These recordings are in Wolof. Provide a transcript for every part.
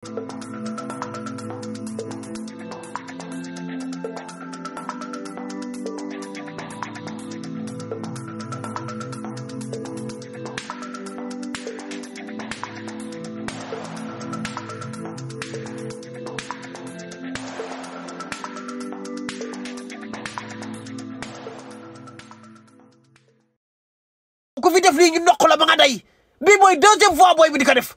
ku fi def lii ñu ndox la ba nga day bii mooy deuxième fois booy bi di ko def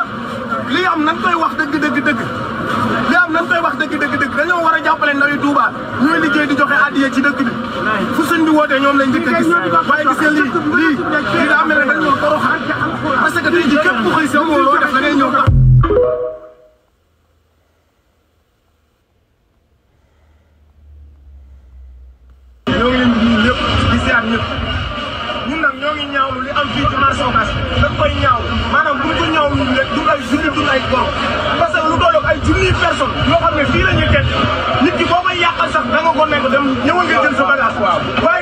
li am nan koy wax dëgg dëgg dëgg li am nan koy wax dëgg dëgg dëgg dañoo war a jàppale ndawi Touba ñuy liggéey di joxe addiya ci dëkk bi fu sëñ bi wootee ñoom lañ njëkk a gis waaye gis li li lii lii daa mel ne dañ ñoo toroxal parce que tey ji képp ku xëy si amoo loo def da ngay ñëw tax ñun nag ñoo ngi ñaawlu li am fii ci marché Ocass dañ koy ñaaw maanaam du du du ay juri du ay góor parce que lu doon ay junniy personne yoo xam ne fii la ñuy nit ki boo may yàqal sax da nga ko nekk dem ñëwal nga jël sa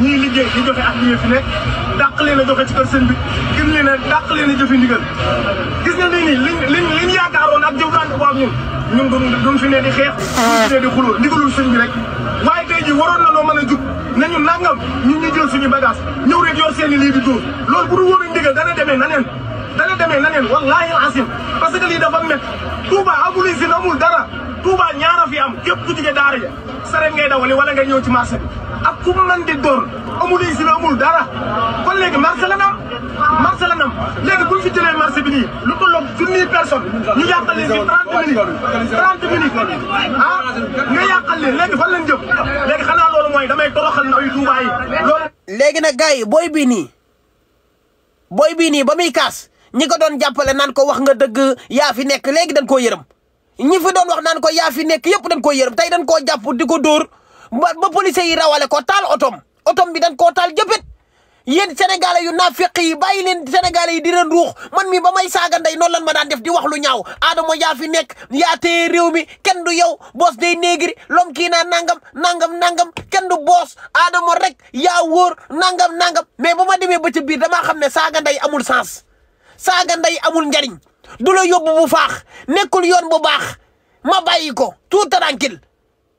ñii liggéey di joxe ak ñi fi nekk dàq leen a joxe ci kër sëñ bi gën leen a dàq leen a jëfe ndigal gis nga nii nii liñ liñ liñ yaakaaroon ak jëflante boobu ñun ñun duñ duñ fi ne di xeex duñ fi ne di xuloo ndigalul sëñ bi rek waaye tey ji na noo mën a na nañu nangam ñun ñu jël suñu bagage ñëw rek yor seen i lii di dóor loolu bu dul woon a ndigal dana demee na neen dana demee na neen wallaahi asim parce que lii dafa met Touba amul usine amul dara Touba ñaara fi am képp ku jige daara ja saret ngay dawali wala ngay ñëw ci marché bi fu mu mën di dóor amul usine amul dara kon léegi marché la léegi bu ñu fi lu tolloog junniy personne ñu yàqal leen fi trente minutes ah nga yàqal leen léegi fan lañ léegi xanaa loolu mooy damay toroxal ndaw yu Tuuba yi loolu léegi nag gars yi booy bii nii booy bii nii ba muy kaas ñi ko doon jàppale nan ko wax nga dëgg yaa fi nekk léegi dañ koo yërëm ñi fi doon wax naan ko yaa fi nekk yëpp dañ koo yërëm tey dañ koo jàpp di ko dóor ba ba policiers yi rawale ko taal otom otoom bi dañ koo taal jëppit yéen sénégalais yu naafeq yi bàyyi leen sénégalais yi di leen ruux man mi ba may saaga nday noonu lan ma daan def di wax lu ñaaw Adama yaa fi nekk yaa téye réew mi kenn du yow boos day néegri lom kii naa nangam nangam nangam kenn du boos Adama rek yaa wóor nangam nangam mais ba ma demee ba ca biir damaa xam ne saaga ndey amul sens saaga ndey amul njariñ du la yóbbu bu faax nekkul yoon bu baax ma bàyyi ko tout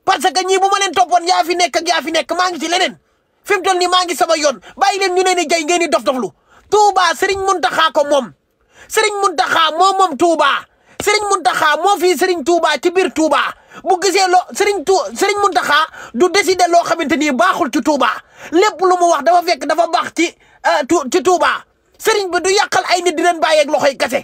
parce que ñi bu ma len toppoon ya fi nek ak ya fi nek ma ngi ci leneen fim mu ni ma ngi sama yoon bayi len ñu ne ni jey ngeen ni dof doflu Touba Serigne Mountakha ko mom Serigne Mountakha mom mom Touba Serigne Mountakha mo fi Serigne Touba ci bir Touba bu gisee lo Serigne Tou Serigne Mountakha du décider lo xamanteni baxul ci Touba lepp lu mu wax dafa fekk dafa bax ci euh, ci Touba Serigne bi du yakal ay nit di baye ak loxoy kasse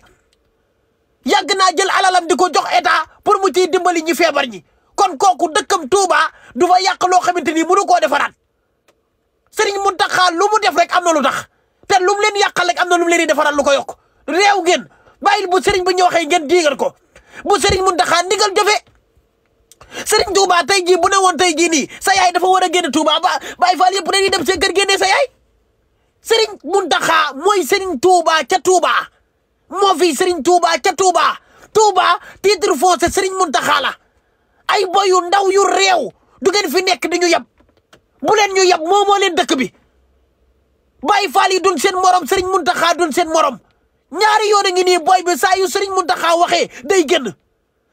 yag na jël alalam di jox état pour mu ci dimbali ñi febar ñi kon koku dëkkam Touba du fa yak lo xamanteni munu ko koo Serigne Mountakha lu mu def rek amna lu tax te lu mu leen rek amna lu mu lu ko yok rew gen bayil bu Serigne bu ñu waxee ngeen ko bu Serigne muntakha digal jofe Serigne Touba tay gi bu ne woon tey jii nii sa yaay dafa wara gen Touba ba bay Fall yepp dañuy dem ci keur gené sa yaay Serigne Mountakha moy Serigne Touba ca Touba mo fi Serigne Touba ca Touba Touba titre fonce Serigne Mountakha la. ay boy yu ndaw yu réew du ngeen fi nekk di ñu yab bu leen ñu yab moo moo leen dëkk bi Baay Faal yi duñ seen morom sëriñ Mountakha duñ seen morom ñaari yoon a ngi nii boy bi saa yu Serigne Mountakha waxee day génn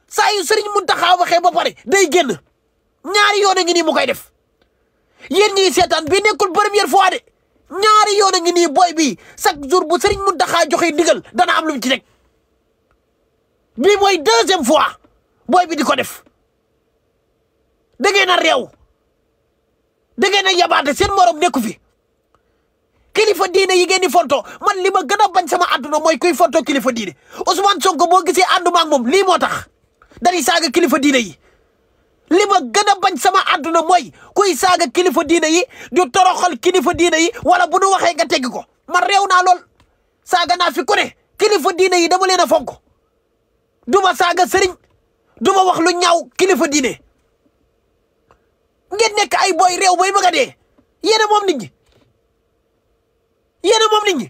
saa yu Serigne Mountakha waxee ba pare day génn ñaari yoon a ngi mu koy def yéen ñii seetaan bi nekkul première fois de ñaari yoon a ngi nii boy bi chaque jour bu Serigne Mountakha joxe ndigal dana am lu mu ci teg bii mooy deuxième fois boy bi di ko def. da na a réew da ngeen a yabaate seen morom nekku fi kilifa diine yi ngeen di fonto man li ma gën a bañ sama àdduna mooy kuy fonto kilifa diine Ousmane Sonko boo gisee ànduma ak moom lii moo tax dañuy saaga kilifa diine yi lima gën a bañ sama àdduna mooy kuy saaga kilifa diine yi du toroxal kilifa diine yi wala bu nu waxee nga teg ko man réew naa lool saaga naa fi ku ne kilifa diine yi dama leen a fonk du ma saaga sëriñ du ma wax lu ñaaw kilifa diine ngeen nekk ay booy réew bay bëgg a dee yéen a moom nit ñi yéen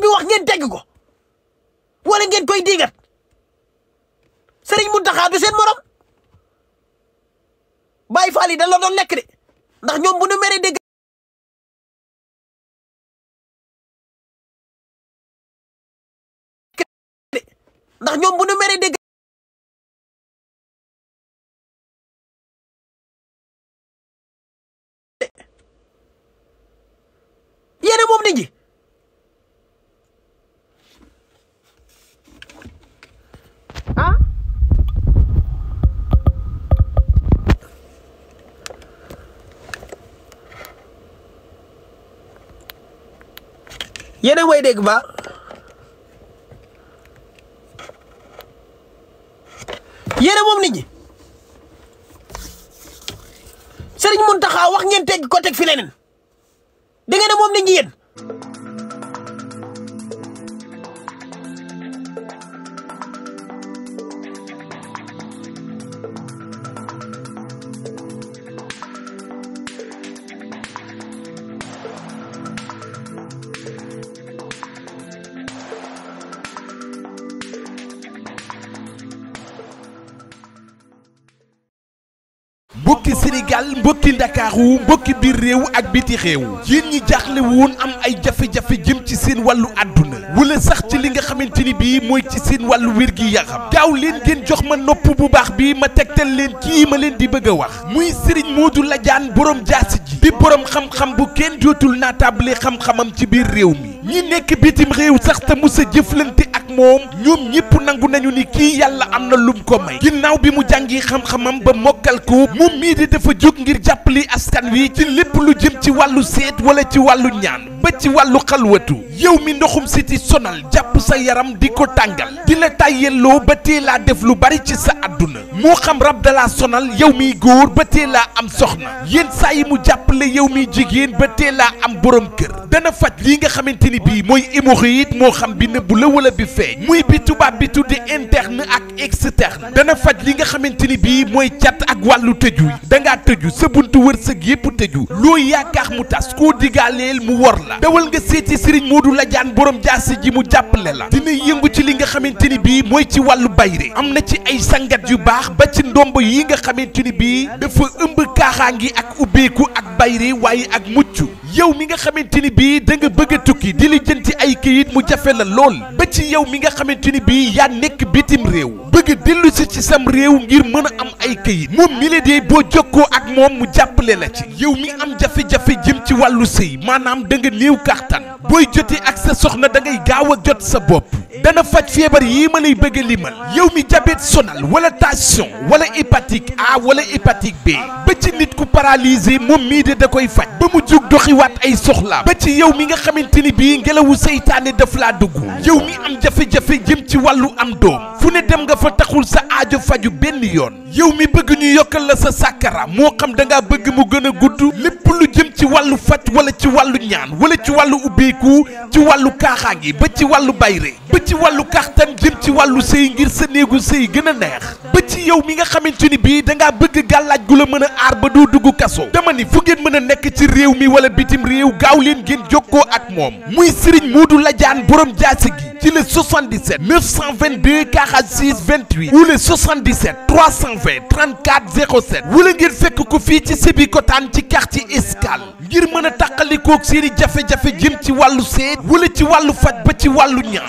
bi wax ngeen tegg ko walla ngeen koy digat sëriñ Muntaxa du seen morom Baay Faal da la doon lekk de ndax ñoom bu nu mere dégg ndax ñoom bu nu dégg yéen moy dégg ba yéen moom nit ñi Serigne Mountakha wax ngeen teg ko teg fi leneen da moom nit ñi yéen. mbokki Sénégal mbokki Ndakaaru mbokki biir réew ak biti réew yéen ñi jaaxle woon am ay jafe-jafe jëm ci seen wàllu àdduna wala sax ci li nga xamante ni bii mooy ci seen wàllu wér gi yaram gaaw leen geen jox ma nopp bu baax bi ma tegtal leen kii ma leen di bëgg a wax muy Serigne Modou Ladiane borom jaasi ji di borom xam-xam bu kenn dootul naataable xam-xamam ci biir réew mi ñi nekk bitim réew sax te mu sa jëflante moom ñoom ñëpp nangu nañu ni kii yàlla am na lum ko may ginnaaw bi mu jàngi xam-xamam ba mokkal ko moom mii di dafa jóg ngir jàppali askan wi ci lépp lu jëm ci wàllu seet wala ci wàllu ñaan ba ci wàllu xalwatu yow mi ndoxum siti sonal jàpp sa yaram di ko tàngal di la tàyyelloo ba tee laa def lu bari ci sa àdduna moo xam rab dalaa sonal yow miy góor ba tee laa am soxna yenn saa yi mu jàppale yow miy jigéen ba tee laa am borom kër dana faj lii nga xamante ni bii mooy hémorroïde moo xam bi nëbbu la wala bi feeñ bi tubaab bi tudde interne ak externe dana faj li nga xamante ni bii mooy cat ak wàllu tëju yi da ngaa tëju sa buntu wërsëg yépp tëju loo yaakaar mu tas koo digaaleel mu wor la dawal nga seeti Serigne Modou Ladiane borom jaasi ji mu jàppale la dina yëngu ci li nga xamante ni bii mooy ci wàllu bayre am na ci ay sangat yu baax baax ba ci ndomb yi nga xamee ni bii dafa ëmb kaaxaangi ak ubbeeku ak bayri waaye ak mucc yow mi nga xamante ni bii danga nga bëgg a tukki di lijjanti ay këyit mu jafe la lool ba ci yow mi nga xamante ni bii yaa nekk bitim réew bëgg dellu ci sam réew ngir mën a am ay këyit moom mi la dee boo jokkoo ak moom mu jàppale la ci yow mi am jafe-jafe jëm ci wàllu sëy maanaam da nga néew kàttan booy jote ak sa soxna da ngay gaaw a jot sa bopp dana faj feebar yii ma lay bëgg a limal yow mi diabète sonal wala tension wala hépatique A wala hépatique B ba ci nit ku paralysé moom mii de da koy faj ba mu jug doxiwaat ay soxla ba ci yow mi nga xamante ni bii ngelawu seytaane daf laa dugg yow mi am jafe-jafe jëm ci wàllu am doom fu ne dem nga fa taxul sa aajo faju benn yoon yow mi bëgg ñu yokkal la sa sàkkara moo xam da ngaa bëgg mu gën a gudd lu jëm ci wàllu faj wala ci wàllu ñaan wala ci wàllu ubbeeku ci wàllu kaaxaa ngi ba ci wàllu bayre ba ci wàllu kaaxtan jëm ci wàllu sëy ngir sa néegu sëy gën a neex ba ci yow mi nga xamante ni bii da ngaa bëgg gàllaaj gu la mën a aar ba doo dugg kaso dama ni fu ngeen mën a nekk ci réew mi wala bitim réew gaaw leen ngeen jokkoo ak moom muy sëriñ Moodu Lajaan borom jaasi gi ci le 77 922 46 28 ou le 77 320 34 07 wala ngeen fekk ko fii ci Sébikotaan ci quartier Escale ngir mën a taqalikoog seen i jafe-jafe jëm ci wàllu seet wala ci wàllu faj ba ci wàllu ñaan